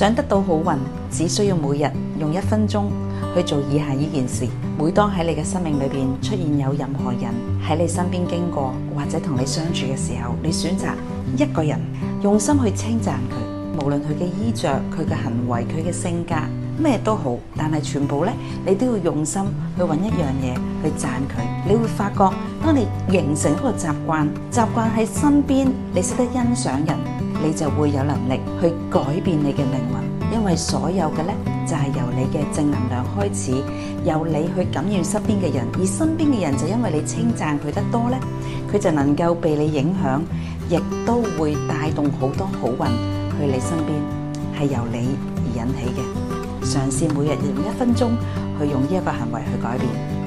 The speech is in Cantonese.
想得到好運，只需要每日用一分鐘去做以下呢件事。每當喺你嘅生命裏邊出現有任何人喺你身邊經過或者同你相處嘅時候，你選擇一個人用心去稱讚佢，無論佢嘅衣着，佢嘅行為，佢嘅性格咩都好，但係全部咧，你都要用心去揾一樣嘢去讚佢。你會發覺當你形成一個習慣，習慣喺身邊，你識得欣賞人。你就會有能力去改變你嘅命運，因為所有嘅咧就係由你嘅正能量開始，由你去感染身邊嘅人，而身邊嘅人就因為你稱讚佢得多咧，佢就能夠被你影響，亦都會帶動好多好運去你身邊，係由你而引起嘅。嘗試每日用一分鐘去用呢一個行為去改變。